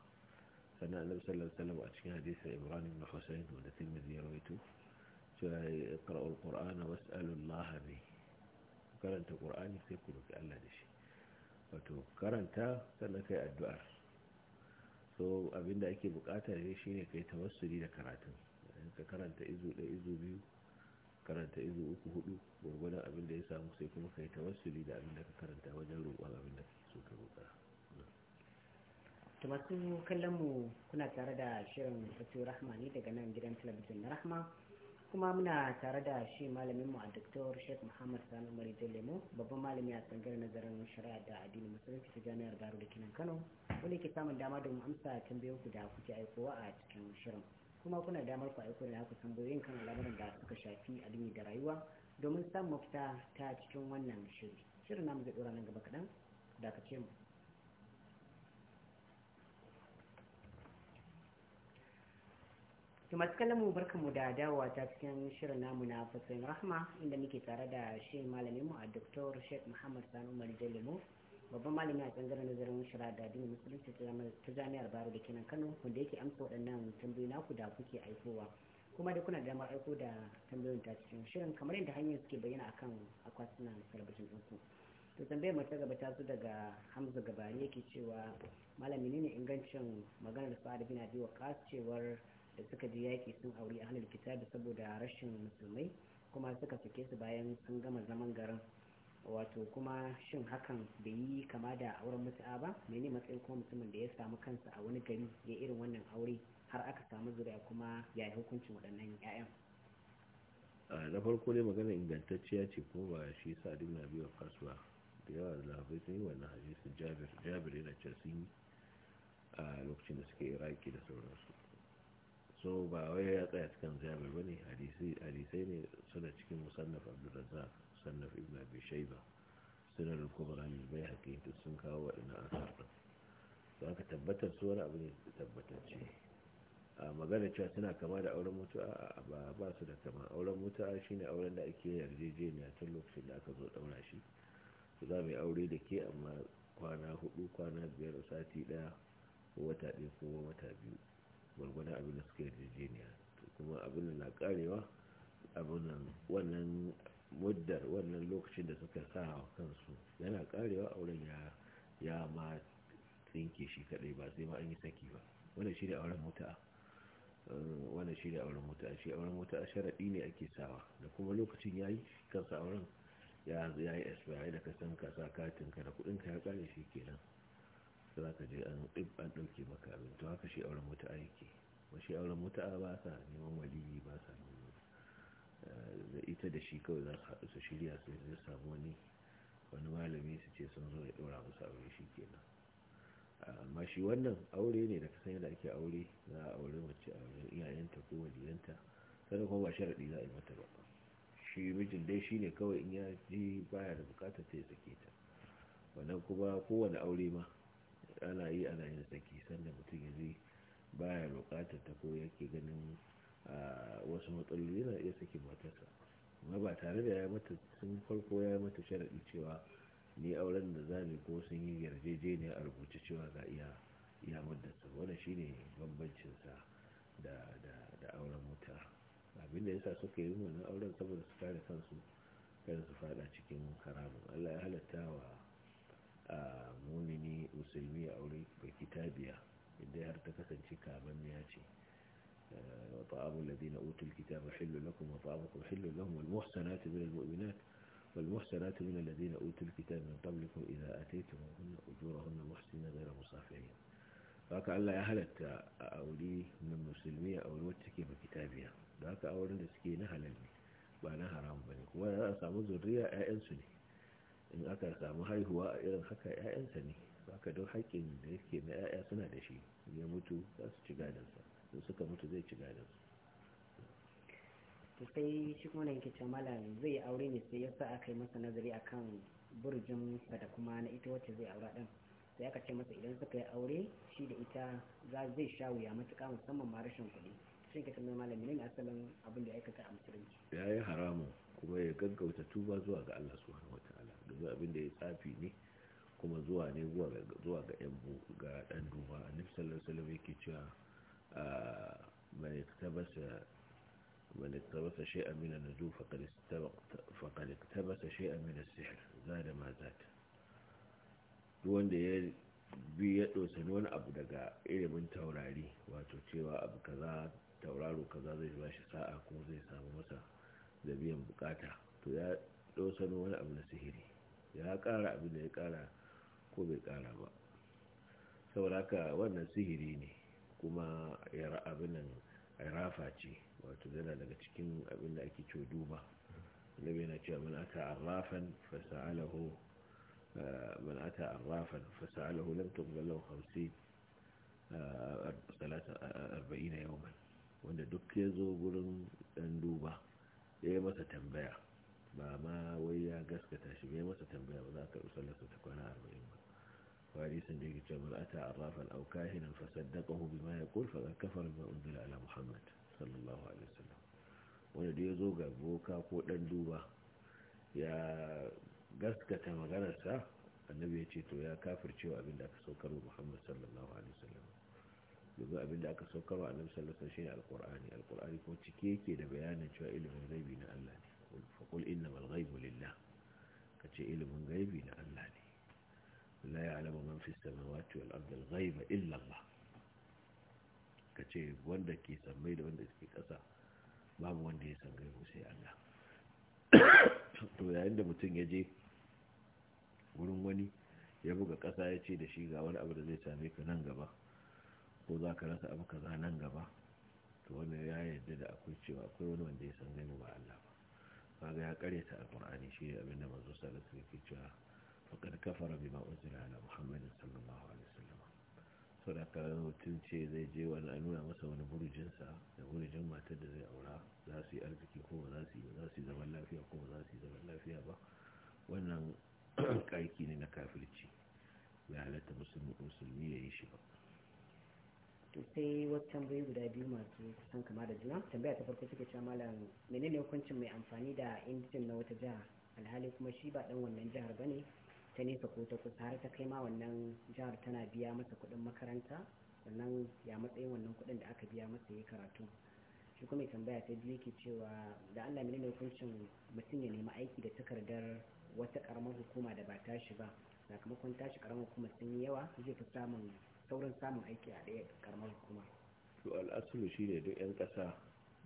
sannan annabi sallallahu alaihi wasallam a cikin hadisin Ibrahim ibn Husayn da Tirmidhi ya to cewa iqra'u al was'alu Allah bi karanta Qur'ani sai ku roki Allah da shi wato karanta sannan kai addu'ar so abinda ake bukata ne shine kai tawassuli da karatun ka karanta izu da izu biyu karanta izu uku hudu gwargwadon abin da ya samu sai kuma kai tawassuli da abin da ka karanta wajen roƙon abin da so ka roƙa
tumatu kallon mu kuna tare da shirin fatu rahma ne daga nan gidan talabijin na rahma kuma muna tare da shi malamin mu a doktor sheikh muhammad sani umari lemu babban malami a tsangar nazarin shari'a da addinin musulunci ta jami'ar baro da kinan kano wani ke samun dama mu amsa tambayoyinku da kuke aikowa a cikin shirin kuma kuna damar ku aiko da haka tambayoyin kan al'amuran da suka shafi addini da rayuwa domin samun mafita ta cikin wannan shiri shirin namu zai dora nan gaba kaɗan da ka ce mu to masu kallon barkan mu da dawowa ta cikin shirin namu na fasayin rahma inda muke tare da shi malamin mu a Dr. Sheikh Muhammad Sani Umar babban malami a tsangaren nazarin shara da dini musulunci ta jami'ar baro da kenan kano wanda yake amsa waɗannan tambayoyi ku da kuke aikowa kuma da kuna da damar aiko da tambayoyin ta cikin shirin kamar yadda hanyar suke bayyana akan akwatunan talabijin ɗinku to tambayar mace gaba ta zo daga hamza gabari yake cewa malami ne ingancin maganar sa'ad bin abi waqas cewar da suka je yaƙi sun a halin kitabi saboda rashin musulmai kuma suka sake su bayan sun gama zaman garin wato kuma shin hakan bai yi kama da auren mutu'a ba mene matsayin kuma mutumin da ya samu kansa a wani gari ya irin wannan aure har aka samu zuriya kuma ya yi hukuncin waɗannan 'ya'yan
na farko dai magana ingantacciya ce kuma ba shi sa duk na biyu a kasuwa da yawa da labarai sun yi wannan hadisin jabir jabir yana can sun yi a lokacin da suke iraki da sauransu so ba wai ya tsaya cikin jabir ba ne hadisai ne suna cikin musannaf abdulrazak sannan ibn abi shaiba sunan al-kubra ne bai haƙi sun kawo waɗannan asar to aka tabbatar su wani abu ne ce a magana cewa suna kama da auren mutu'a ba ba su da kama auren mutu'a shine auren da ake yarjejeniya tun lokacin da aka zo ɗaura shi su za mu aure da ke amma kwana hudu kwana biyar sati ɗaya ko wata ɗaya ko wata biyu gwargwadon abin da suka yarjejeniya kuma abin da na karewa abin nan wannan muddar wannan lokacin da suka sa wa kansu yana karewa auren ya ya ma tsinke shi kadai ba sai ma an yi saki ba wannan shi da auren mutu'a eh, wannan shi da auren mutu'a shi auren mutu'a sharaɗi ne ake sawa da kuma lokacin ya yi kansa auren ya ya yi expire da ka san ka sa katin ka da kudin ka ya kare shi kenan za ka je an ɗin an ɗauke maka abin to haka shi auren mutu'a yake ba shi auren mutu'a ba sa neman waliyi ba sa neman da ita da shi kawai za su shirya su zai samu wani wani malami su ce sun zo ya ɗora musu aure shi kenan amma shi wannan aure ne da ka kasan da ake aure za a aure mace a wajen iyayenta ko waliyanta sannan kuma ba sharaɗi za a yi mata ba shi mijin dai shi ne kawai in ya ji baya da bukatar ta ya sake ta wannan kuma kowane aure ma ana yi ana yin saki sannan mutum ya ji baya bukatar ta ko yake ganin wasu matsaloli yana iya saki matarsa amma ba tare da ya mata sun farko ya mata sharaɗi cewa ni auren da za mu ko sun yi yarjejeniya a rubuce cewa za iya iya muddarsa wani shine bambancinsa da da auren wuta abinda da yasa suka yi wannan auren saboda su kare kansu kada su fada cikin haramun Allah ya halatta wa a mumini musulmi a aure ga kitabiya idan har ta kasance kamar ya ce آه، وطعام الذين أوتوا الكتاب حل لكم وطعامكم حل لهم والمحسنات من المؤمنات والمحسنات من الذين أوتوا الكتاب من قبلكم إذا أتيتموهن أجورهن محسنة غير مصافعين فاك ألا أهلت أولي من المسلمية أو الوتك بكتابها فاك أولا نسكينا هلالي وأنا هرام بنيك وأنا أصعب ذرية أئنسني إن أكر سامو هو إذا حكى أئنسني فاك دو حيكين ليس كيما أئنسنا دشي يموتوا أسجادا سامو in suka mutu zai ci gadon
su sai shi kuma na yake mala zai aure ne sai yasa aka yi masa nazari akan burjin sa da kuma na ita wacce zai aura din sai aka ce masa idan suka yi aure shi da ita za zai sha wuya matuƙa musamman ma rashin kuɗi shi ka tambayi malami ne asalin abin da ya aikata a musulunci
ya yi haramun kuma ya gaggauta tuba zuwa ga Allah subhanahu wataala domin abin da ya tsafi ne kuma zuwa ne zuwa ga yan ga dan duba annabi sallallahu alaihi wasallam yake cewa من اقتبس من اقتبس شيئا من النجوم فقد, فقد اقتبس شيئا من السحر زاد ما زاد wanda ya bi ya ɗosani wani abu daga ilimin taurari wato cewa abu kaza tauraro kaza zai ba shi sa'a kuma zai samu masa da biyan bukata to ya ɗosani wani abu na sihiri ya ƙara abin da ya ƙara ko bai ƙara ba saboda haka wannan sihiri ne kuma abinan rafa ce wato yana daga cikin abin da ake ce duba annabi na cewa man ata arrafan fasa'alahu eh, man ata arrafan fasa'alahu lam tuqbal lahu 50 40 eh, eh, yawman wanda duk ya zo gurin dan duba ya masa tambaya ba ma wai ya gaskata shi ba ya masa tambaya ba za ka rusallarsa ta kwana arba'in ba hadisin da yake cewa man ata arrafan aw kahinan fa saddaqahu bima yaqul fa kafara bima unzila ala muhammad sallallahu alaihi wasallam wanda da yazo ga boka ko dan duba ya gaskata sa annabi ya ce to ya kafircewa abinda aka saukar muhammad sallallahu alaihi wasallam domin abinda aka saukarwa annabi sallallahu alaihi wasallam shine alqur'ani alqur'ani ko cike yake da bayanin cewa ilimin ghaibi na Allah ne lillah kace ilimin ghaibi na Allah ne la ya'lamu man fis samawati wal ardi al ghaiba illa Allah kace wanda ke sammai da wanda ke kasa babu wanda ya san gaibu sai Allah to yayin da mutum ya je wurin wani ya buga kasa ya ce da shi ga wani abu da zai same ka nan gaba ko za ka rasa abu kaza nan gaba to wannan ya yarda da akwai cewa akwai wani wanda ya san gaibu ba Allah ba kaga ya karyata alqur'ani shi abinda manzo sallallahu alaihi wasallam yake cewa faƙar kafara bi ma'uzira ala muhammadin sallallahu alaihi sallama sau da kawai mutum ce zai je wani a nuna masa wani burujinsa da burujin matar da zai aura za su yi arziki ko ba za su yi za su yi zaman lafiya ko ba za su yi zaman lafiya ba wannan ƙarki ne na kafirci bai halatta musulmi ya yi shi ba
to sai wata tambayi guda biyu masu kusan kama da juna tambaya ta farko suke cewa malam menene hukuncin mai amfani da injin na wata jiha alhali kuma shi ba dan wannan jihar bane ta nesa ko ta kusa har ta kai ma wannan jihar tana biya masa kuɗin makaranta sannan ya matsayin wannan kuɗin da aka biya masa ya karatu shi kuma tambaya ta biyu ke cewa da allah menene hukuncin mutum ya nemi aiki da takardar wata karamar hukuma da ba ta shi ba sakamakon tashi karamar hukuma sun yi yawa zai fi samun saurin samun aiki a ɗaya karamar hukuma
to al'asulu shi ne duk 'yan ƙasa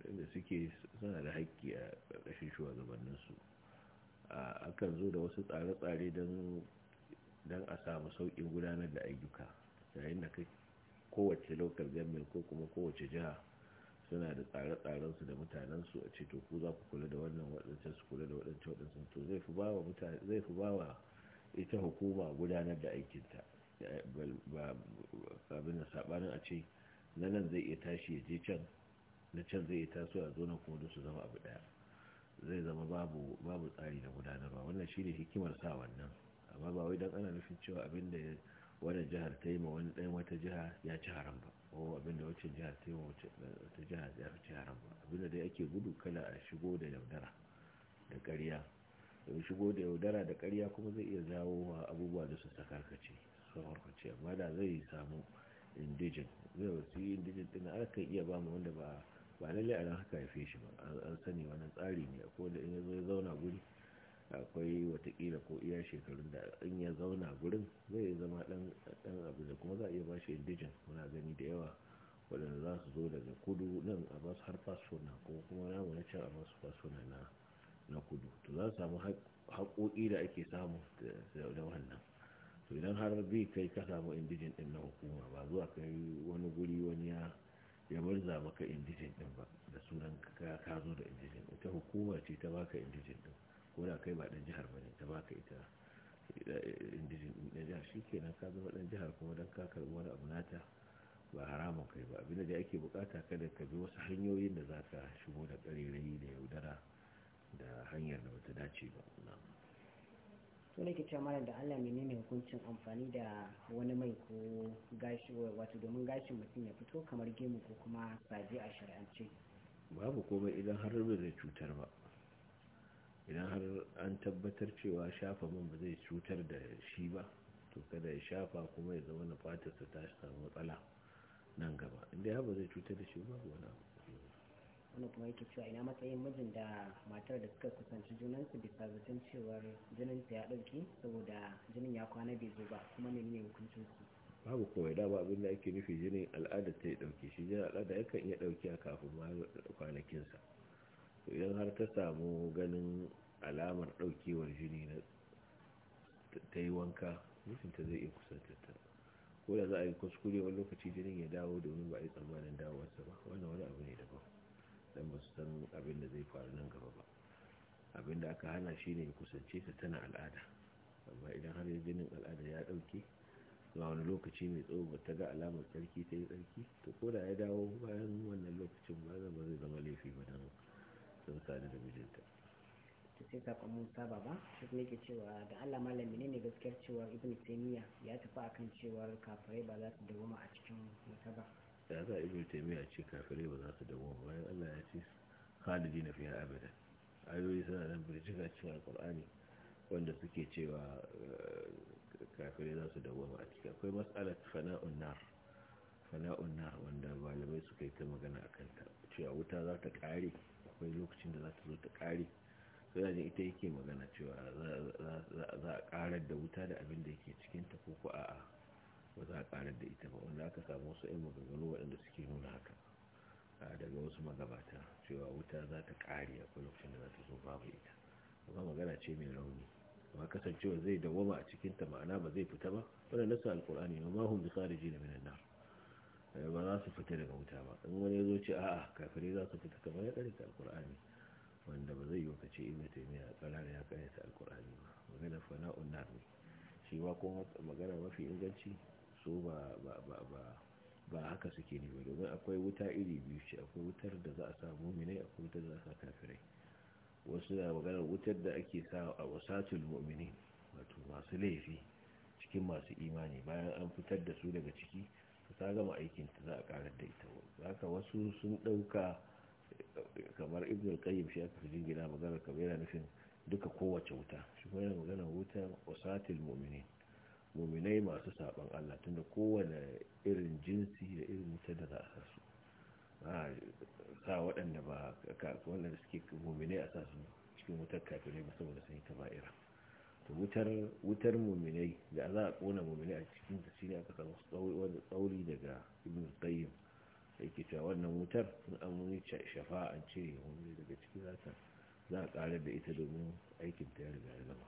da suke suna da haƙƙi a ƙarƙashin shugabanninsu akan zo da wasu tsare-tsare don a samu sauƙin gudanar da ayyuka yayin da kowace local government ko kuma kowace jiha suna da tsare-tsarensu da mutanensu a ceto ku za ku kula da wannan waɗancan su kula da waɗancan waɗancan to zai fi ba wa ita hukuma gudanar da aikinta abin da saɓanin a ce na nan zai iya tashi ya je can na can zai iya tasowa zo na kuma su zama abu ɗaya zai zama babu tsari na gudanarwa wannan shine hikimar sa wannan amma ba wai dan ana nufin cewa abin da wani jihar ta yi ma wani ɗayan wata jiha ya ci haram ba ko abin wacce jihar ta yi wata jiha ya ci haram ba abin dai ake gudu kala a shigo da yaudara da ƙarya shigo da yaudara da ƙarya kuma zai iya jawo abubuwa da su sakarkace su harkace amma da zai samu indijin zai wasu indijin ɗin aka iya ba mu wanda ba ba lalle a nan haka haife shi ba an sani wannan tsari ne akwai in ya ya zauna guri akwai watakila ko iya shekarun da in ya zauna gurin zai zama dan abu da kuma za a iya ba shi indijin muna gani da yawa wadanda za su zo daga kudu nan a su har fasona ko kuma namu na can a su fasona na kudu to za su samu haƙoƙi da ake samu da wannan to idan har bi kai ka samu indijin ɗin na hukuma ba zuwa kai wani guri wani ya ya za maka indijin din ba da sunan ka zo da indijin ita hukumar ce ta baka indijin din ko da kai ba dan jihar bane ta baka ita eh, indijin din da jihar shi shikenan ka zama dan jihar kuma dan ka karbi wani abu nata ba haramun kai ba abinda da ake bukata kada ka bi wasu hanyoyin da zaka shigo da karerayi da yaudara da hanyar da bata dace ba na'am
su ne ke cewa malam da allah menene hukuncin amfani da wani mai ko gashi wato domin gashin mutum ya fito kamar gemu ko kuma saje a shari'ance
babu komai idan har ba zai cutar ba idan har an tabbatar cewa shafa man ba zai cutar da shi ba to kada ya shafa kuma ya zama na fatarsa ta samu matsala nan gaba inda ya ba zai cutar da shi ba wani abu
wani kuma yake cewa ina matsayin mijin da matar da suka kusanci junansu bisa zaton cewar jinin ta ya dauke saboda jinin ya kwana bai zo ba kuma ne ne hukuncin su
babu komai da ba abin da ake nufi jinin al'ada ta ya ɗauke shi jinin al'ada yakan iya dauke a kafin ma to idan har ta samu ganin alamar daukewar jini na ta yi wanka ta zai iya kusantarta ko da za a yi kuskure wani lokaci jinin ya dawo domin ba a yi tsammanin dawowarsa ba wannan wani abu ne daban dan ba su san abin da zai faru nan gaba ba abin da aka hana shi ne ya kusance ta tana al'ada amma idan har jinin al'ada ya ɗauke zuwa wani lokaci mai tsawo ba ta ga alamar tsarki ta yi tsarki to ko da ya dawo bayan wannan lokacin ba zama zai zama laifi ba don
sun sadu da mijinta ta sai sakon musa ba shi kuma yake cewa da allah malami ne ne gaskiyar cewa ibn taymiya ya tafi akan cewar kafirai ba za su dawoma a cikin musa ba
ya za ibn taymiya ce kafirai ba za su dawo bayan Allah ya ce khalidi na fiya abada ayoyi suna nan birjika cikin alkur'ani wanda suke cewa eh, kafirai za su dawo a cikin akwai matsalar fana'un nar fana'un wanda malamai suka yi ta magana a kanta cewa wuta za ta kare akwai lokacin da za ta zo ta kare sai ita yake magana cewa za a karar da wuta da abin da yake cikinta ko ko a'a ba za a karar da ita ba wanda aka samu wasu yan maganganu waɗanda suke nuna haka daga wasu magabata cewa wuta za ta ƙare akwai lokacin da za ta zo babu ita amma magana ce mai rauni amma kasancewa zai dawwama a cikin ta ma'ana ba zai fita ba wanda nasu alkur'ani ma hum bi khariji na minan nan eh, ba za su fita daga wuta ba in wani ya zo ce a'a kafirai za su fita kamar ya ta alkur'ani wanda ba zai yi wata ce ibn taymiya da ya ta alkur'ani ba magana fana'un nar ne shi ba kuma magana mafi inganci so ba haka suke ne ba domin akwai wuta iri biyu ce akwai wutar da za a sa muminai akwai wutar da za a sa kafirai wasu na maganar wutar da ake sa a wasatul mu'minin wato masu laifi cikin masu imani bayan an fitar da su daga ciki ta gama aikin ta za a karar da ita haka wasu sun ɗauka kamar ibn al-qayyim shi aka fi maganar kamar yana nufin duka kowace wuta shi kuma yana maganar wutar wasatul mu'minin muminai masu saban Allah tunda kowane irin jinsi da irin wuta da za a sasu su a sa waɗanda ba waɗanda suke muminai a sa cikin wutar kafirai ba saboda sun yi kaba'ira ba'ira wutar wutar muminai da za a kona muminai a cikin ta shine aka samu tsauri daga ibn da ke cewa wannan wutar in an shafa an cire muminai
daga cikin zata
za a ƙarar da ita domin
aikin ta ya riga ya zama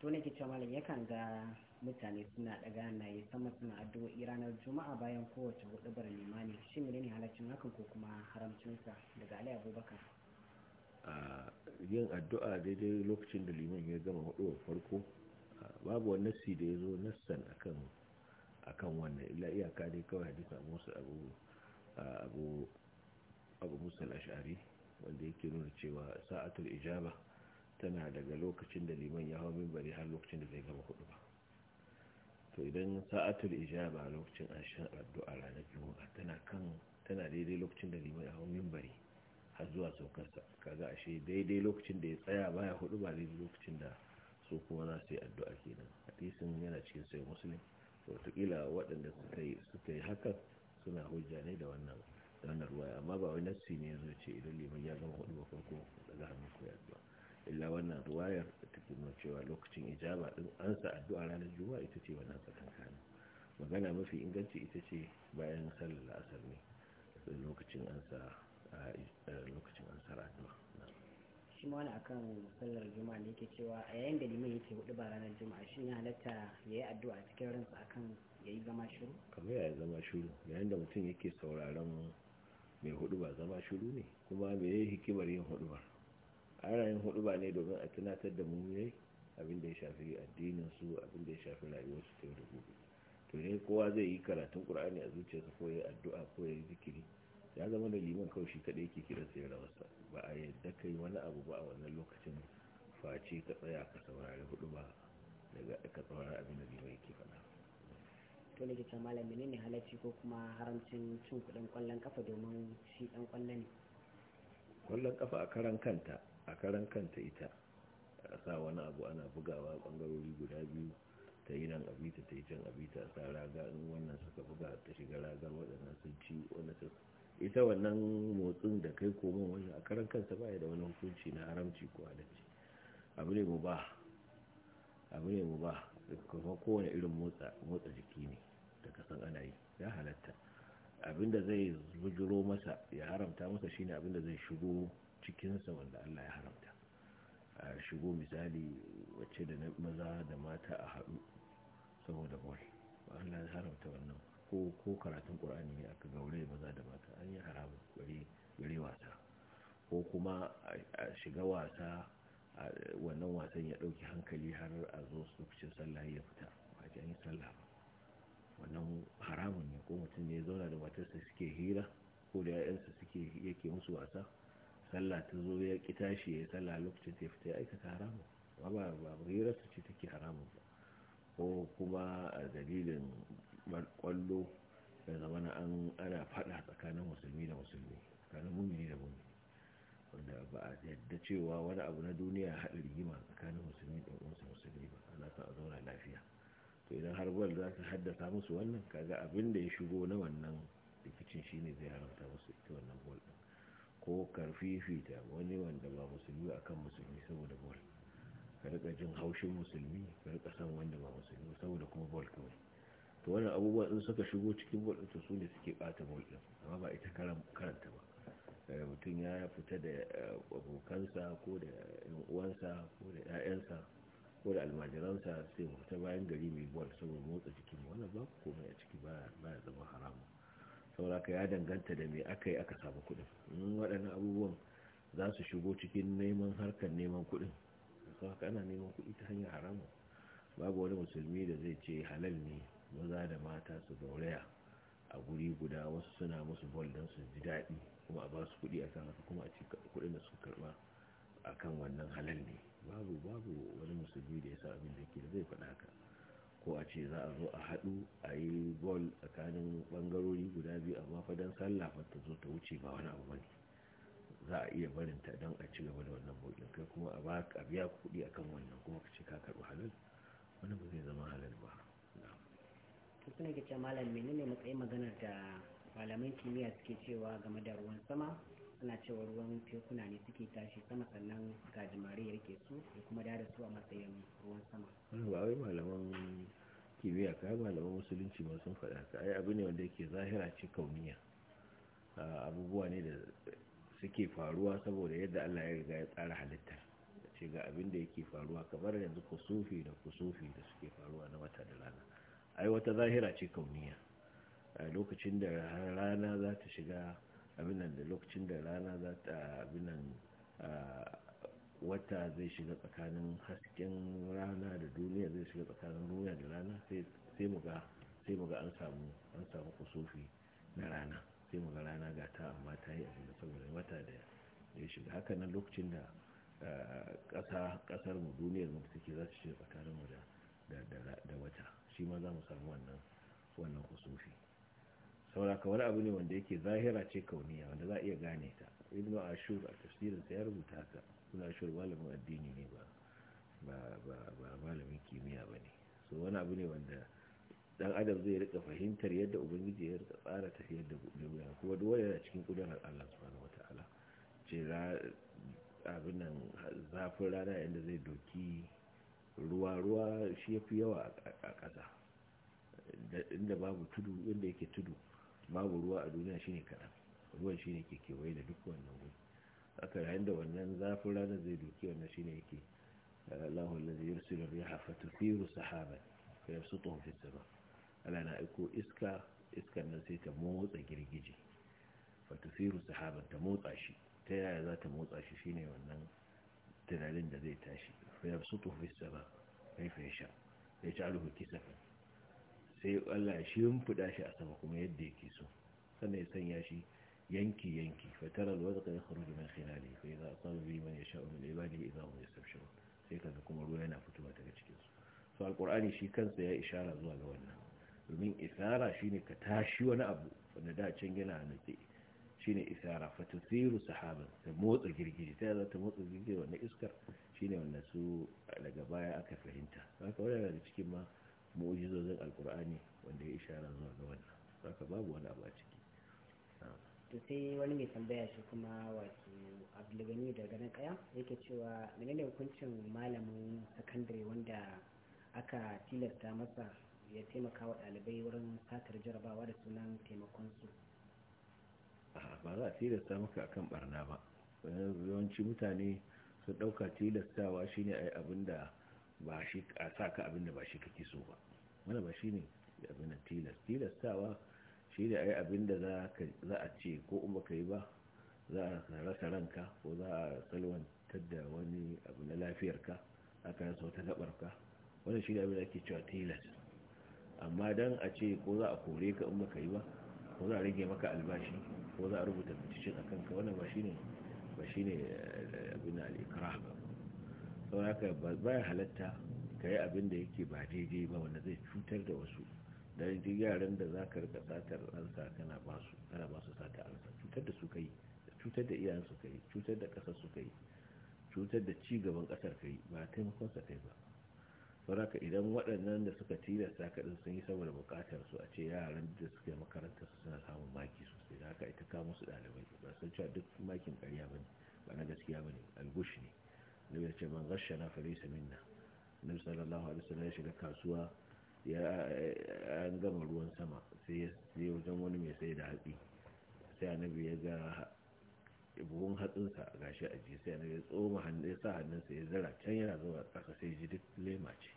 to nake cewa malam yakan ga mutane suna daga yi sama suna addu'o'i ranar juma'a bayan kowace bar limani shi ne ne halaccin hakan ko kuma haramcinsa daga ali abubakar
a yin addu'a daidai lokacin da liman ya gama hudubar farko babu wani nasi da ya zo nassan akan akan wannan illa iyaka dai kawai hadisa musu abu abu abu musul ash'ari wanda yake nuna cewa sa'atul ijaba tana daga lokacin da liman ya hau mimbari har lokacin da zai gama hudu ba to idan sa'atul ijaba lokacin ashirin addu'a ranar juma'a tana kan tana daidai lokacin da liman ya hau mimbari har zuwa saukarsa kaga ashe daidai lokacin da ya tsaya baya hudu ba daidai lokacin da su kuma na sai addu'a kenan hadisin yana cikin sai musulun wataƙila waɗanda suka yi hakan suna hujja ne da wannan da wannan ruwa amma ba wani nassi ne ya zo ce idan liman ya gama hudu ba farko daga hannun ko ya illa wannan ruwayar da take nuna cewa lokacin ijaba din an sa addu'a ranar juma'a ita ce wannan tsakankanin magana mafi inganci ita ce bayan sallar la'asar ne lokacin an sa lokacin an sa addu'a
shi ma wani akan sallar juma'a ne ke cewa a yayin da liman yake hudu ba ranar juma'a shi ya halatta yayi addu'a cikin ransa akan yayi zama shiru kamar
ya zama shiru yayin da mutum yake sauraron mai hudu ba zama shiru ne kuma me hikimar yin hudu ba ana yin hudu ba ne domin a tunatar da mummune abin da ya shafi addinin su abin da ya shafi rayuwar su ta yau da to ne kowa zai yi karatun qur'ani a zuciyarsa ko ya addu'a ko ya zikiri ya zama da liman kawai shi kadai yake kiran sai sa ba a yadda kai wani abu ba a wannan lokacin face ka tsaya ka saurari hudu ba daga ka saurari abin da liman yake faɗa
to ne ta malami ne ne halarci ko kuma haramcin cin kuɗin kwallon kafa domin shi ɗan ƙwallo ne
kwallon kafa a karan kanta a karan kanta ita a sa wani abu ana bugawa bangarori guda biyu ta yi nan abita ta yi can abita a sa raga in wannan suka buga ta shiga ragar waɗannan sun ci wanda ita wannan motsin da kai komin wani a karan kansa ba da wani hukunci na haramci ko halarci abu ne mu ba abu ne mu ba kuma kowane irin motsa jiki ne da kasan ana yi ya halatta abinda zai bujuro masa ya haramta masa shine abinda zai shigo cikinsa wanda Allah ya haramta a shigo misali wacce da maza da mata a haɗu saboda bol Allah ya haramta wannan ko ko karatun qur'ani ne aka gaure maza da mata an yi haramun gare wasa ko kuma a shiga wasa wannan wasan ya ɗauki hankali har a zo lokacin sallah ya fita ba ta yi sallah ba wannan haramun ne ko mutum ne zauna da matarsa suke hira ko da 'ya'yansa suke yake musu wasa sallah ta zo ya ki tashi ya tala sallah lokacin ta fita ya aikata haramu ba ba hirarsa ce take haramun ba ko kuma a dalilin kwallo da zamana an ana fada tsakanin musulmi da musulmi tsakanin mumini da mumini wanda ba a yadda cewa wani abu na duniya haɗa rigima tsakanin musulmi da musulmi ba ana sa a zauna lafiya to idan har gwal za ta haddasa musu wannan kaga abin da ya shigo na wannan rikicin shine zai haramta musu ita wannan gwal ɗin ko karfifita wani wanda ba musulmi akan musulmi saboda bol ka rika jin haushin musulmi ka rika san wanda ba musulmi saboda kuma bol kawai to wannan abubuwa in suka shigo cikin bol to su ne suke bata bol din amma ba ita karanta ba eh, mutum ya fita da eh, abokansa ko da yan uwansa ko da ƴaƴansa ko da almajiransa sai mu fita bayan gari mai bol saboda motsa jikin wannan ba komai a ciki ba ya zama haramun ka ya danganta da me aka yi aka samu in waɗannan abubuwan za su shigo cikin neman harkar neman kuɗin sau ka ana neman kuɗi ta hanyar haramu babu wani musulmi da zai ce halal ne maza da mata su gauraya a guri guda wasu suna musu bol don su ji daɗi kuma a ba su kuɗi a kan kuma a ci kuɗin da suka karɓa a kan wannan halal ne babu babu wani musulmi da ya sa abin da ke da zai faɗa haka ko a ce za a zo a haɗu a yi bol tsakanin ɓangarori guda biyu amma don sallah ba ta zo ta wuce ba wani abu bane za a iya barin ta don a ci gaba da wannan bokin kai kuma a biya kuɗi akan wannan kuma ka ce ka karɓi halal wani ba zai zama halal ba
to suna ke ce malam menene matsayin maganar da malaman kimiyya suke cewa game da ruwan sama ana cewa ruwan tekuna ne suke tashi sama sannan gajimare ya rike su da kuma da su a matsayin ruwan sama
ba wai malaman kimiyya ka malaman musulunci ba sun faɗa ka ai abu ne wanda yake zahira ce kauniya abubuwa ne da suke faruwa saboda yadda Allah ya riga ya tsara halittar ce ga abin da yake faruwa kamar yanzu kusufi da kusufi da suke faruwa na wata da rana ai wata zahira ce kauniya a lokacin da rana za ta shiga abinan da lokacin da rana za ta abinan wata zai shiga tsakanin hasken rana da duniya zai shiga tsakanin duniya da rana sai mu sai mu an samu an samu kusufi na rana sai muga rana ga ta amma ta yi abin da saboda wata da ya shiga haka nan lokacin da ƙasa ƙasar mu duniyar mu take za ta shiga tsakanin mu da wata shi ma za mu samu wannan wannan kusufi saura wani abu ne wanda yake zahira ce kauniya wanda za a iya gane ta ibn ashur a tafsirin sa ya rubuta ka ibn ashur malamin addini ne ba ba malamin kimiyya ba ne so wani abu ne wanda dan adam zai rika fahimtar yadda ubangiji ya rika tsara tafiyar da duniya kuma duk wanda yana cikin kudurar Allah subhanahu wataala ce abin nan zafin rana yadda zai doki ruwa ruwa shi yafi yawa a ƙasa inda babu tudu inda yake tudu babu ruwa a duniya shine kaɗan ruwan shine ke kewaye da duk wannan wuri haka yayin da wannan zafin ranar zai duki wannan shine yake Allahu allazi yursilu riha fatuthiru sahaban fa yabsutuhu fi sama Allah na aiko iska iskan nan sai ta motsa girgije fatafiru sahaban ta motsa shi ta yaya za ta motsa shi shine wannan tunanin da zai tashi fa yabsutuhu yi sama ya ci yaj'aluhu kisafan sai Allah ya shimfida shi a sama kuma yadda yake so sannan ya sanya shi yanki yanki fatar alwadqa yakhruju min khilali fa idza asaba bi man yasha'u min ibadihi idza hum yastabshirun sai kaga kuma ruwa yana fitowa daga cikin su so alqur'ani shi kansa ya ishara zuwa ga wannan domin isara shine ka tashi wani abu wanda da can yana nutse shine isara fa fatusiru sahaban ta motsa girgije ta za ta motsa girgije wannan iskar shine wanda su daga baya aka fahimta haka wannan da cikin ma mu'jizozin alkur'ani wanda ya ishara zuwa ga wannan saka babu wani abu a ciki
to sai wani mai tambaya shi kuma wato abdulgani da na kaya yake cewa menene hukuncin malamin sakandare wanda aka tilasta masa ya taimaka wa ɗalibai wurin satar jarabawa da sunan taimakon su
ba za a tilasta maka akan barna ba yawanci mutane su ɗauka tilastawa shine ai abin da ba a sa ka abin da ba shi kake so ba wani ba shi ne abin da tilas tilastawa shi da ai abin da za a ce ko in ka yi ba za a rasa ranka ko za a salwantar da wani abu na lafiyarka aka rasa wata gabarka Wani shi da abin da ake cewa tilas amma don a ce ko za a kore ka in ka yi ba ko za a rage maka albashi ko za a rubuta bincin a kanka Wani ba shi ne eh, abin da ba sauraka ba ya halatta ka yi abin da yake ba daidai ba wanda zai cutar da wasu da duk yaran da za ka rika satar ansa kana ba su kana ba su sata ansa cutar da su kai cutar da iyayen su kai cutar da kasar su kai cutar da ci gaban kasar kai ba taimakon sa kai ba sauraka idan waɗannan da suka tilasta ka din sun yi saboda buƙatar su a ce yaran da suke makaranta makarantar su suna samun maki sosai da haka ita ka musu ɗalibai ba sun cewa duk makin ƙarya ba ne ba na gaskiya ba ne albushi ne nabi ce man gasha na falisa minna nabi sallallahu alaihi wasallam ya shiga kasuwa ya an gama ruwan sama sai ya sai wajen wani mai sai da hatsi sai annabi ya ga buhun hatsinsa gashi a ji sai annabi ya tsoma hannun ya sa hannunsa ya zara can yana zuwa ƙasa sai ji duk lema ce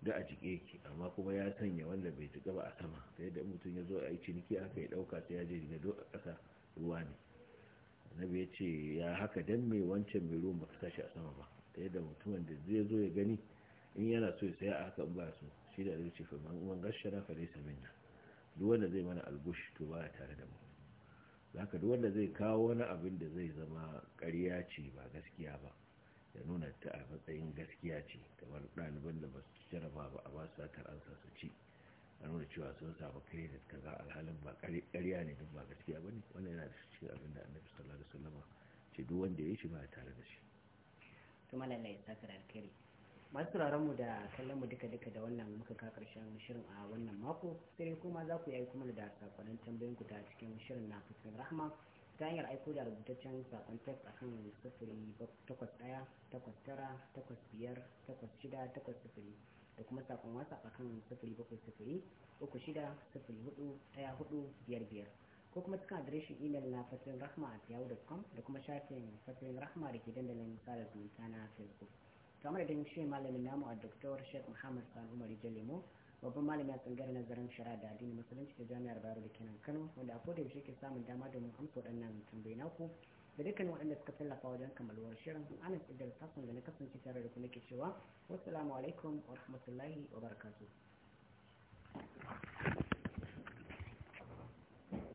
da a jike yake amma kuma ya sanya wanda bai jika ba a sama sai da mutum ya zo a yi ciniki aka ya ɗauka sai ya je da do a ƙasa ruwa ne annabi ya ce ya haka dan mai wancan mai ruwan ba su tashi a sama ba ta yadda mutumin da zai zo ya gani in yana so ya saya a haka in ba su shi da zai ce fa man gashara fa su minna duk wanda zai mana algush to ba tare da mu ka duk wanda zai kawo wani abin da zai zama ƙarya ce ba gaskiya ba ya nuna ta a matsayin gaskiya ce kamar ɗaliban da ba su jaraba ba a ba su satar an su ci a cewa sun samu da kaza alhalin ba ƙarya ne duk ba gaskiya ba ne wanda yana da cikin abin da annabi sallallahu alaihi wasallama ce duk wanda ya shi ba tare da shi
to malalla ya saka da alkhairi masu turaren mu da kallon mu duka duka da wannan muka ka karshen shirin a wannan mako sai kuma za ku yi kuma da sakonin tambayoyin ku ta cikin shirin na fuskin rahma ta hanyar aiko da rubutaccen sakon text akan sifiri takwas ɗaya takwas tara takwas biyar takwas shida takwas da kuma sakon wasa akan sifiri bakwai sifiri uku shida sifiri hudu ɗaya hudu biyar biyar ko kuma cikin adireshin imel na fasirin rahma a tiyawu.com da kuma shafin fasirin rahma da ke dandalin sada zumunta na facebook kamar da shi malamin namu a doktor sheikh muhammad san umar lemo babban malamin a nazarin shari'a da addinin musulunci da jami'ar bayero da kenan kano wanda a kodayaushe yaushe ke samun dama domin mu amsa waɗannan tambayi naku da dukkan waɗanda suka tallafa wajen kammaluwar shirin ana da lissafin da na kasance tare da kuma ke cewa wassalamu alaikum wa rahmatullahi wa barakatuh